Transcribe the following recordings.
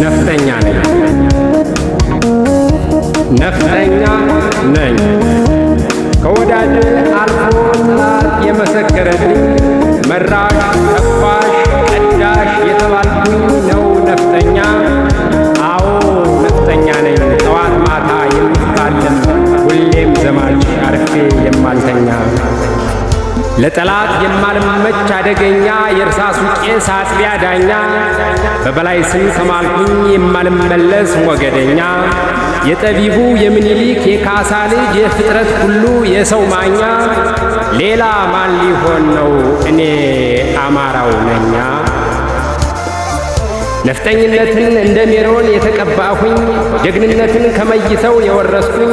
ነፍጠኛ ነኝ ነፍጠኛ ነኝ ከወዳጅ አልፎ ጠላት የመሰከረልኝ መራሽ፣ ጠፋሽ፣ ቀዳሽ የተባልኩኝ ነው ነፍጠኛ። አዎ ነፍጠኛ ነኝ ጠዋት ማታ የምትታለም ሁሌም ዘማች አርፌ የማልተኛ ለጠላት የማልመች አደገኛ የእርሳሱ ቄስ አጥቢያ ዳኛ በበላይ ስም ተማልኩኝ የማልመለስ ሞገደኛ የጠቢቡ የምኒልክ የካሳ ልጅ የፍጥረት ሁሉ የሰው ማኛ ሌላ ማን ሊሆን ነው እኔ አማራው ነኛ። ነፍጠኝነትን እንደ ሜሮን የተቀባሁኝ ጀግንነትን ከመይተው የወረስኩኝ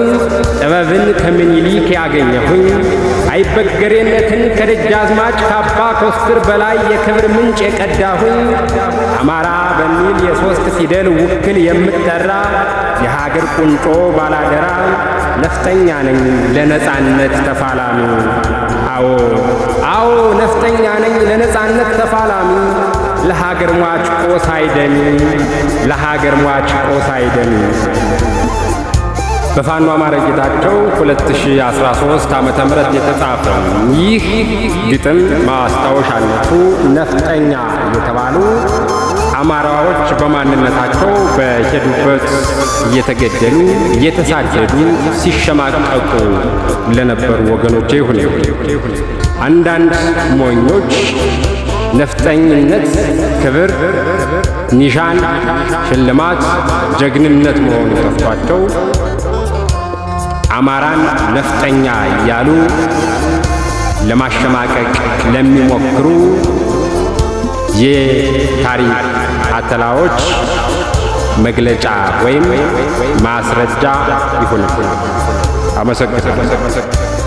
ጥበብን ከምኒልክ ያገኘሁኝ አይበገሬነትን ከደጃዝማች ካባ ኮስትር በላይ የክብር ምንጭ የቀዳሁኝ አማራ በሚል የሦስት ፊደል ውክል የምጠራ የሀገር ቁንጮ ባላደራ ነፍጠኛ ነኝ ለነጻነት ተፋላሚ። አዎ አዎ ነፍጠኛ ነኝ ለነጻነት ተፋላሚ ለሀገር ሟች ቆስ አይደሚ ለሀገር ሟች ቆስ አይደሚ። በፋኖ አማረ ጌታቸው 2013 ዓ ም የተጻፈው ይህ ግጥም ማስታወሻነቱ ነፍጠኛ የተባሉ አማራዎች በማንነታቸው በሄዱበት እየተገደሉ እየተሳደዱ ሲሸማቀቁ ለነበሩ ወገኖቼ ይሁን። አንዳንድ ሞኞች ነፍጠኝነት ክብር፣ ኒሻን፣ ሽልማት፣ ጀግንነት መሆኑ ጠፍቷቸው አማራን ነፍጠኛ እያሉ ለማሸማቀቅ ለሚሞክሩ የታሪክ አተላዎች መግለጫ ወይም ማስረጃ ይሆናል። አመሰግናለሁ።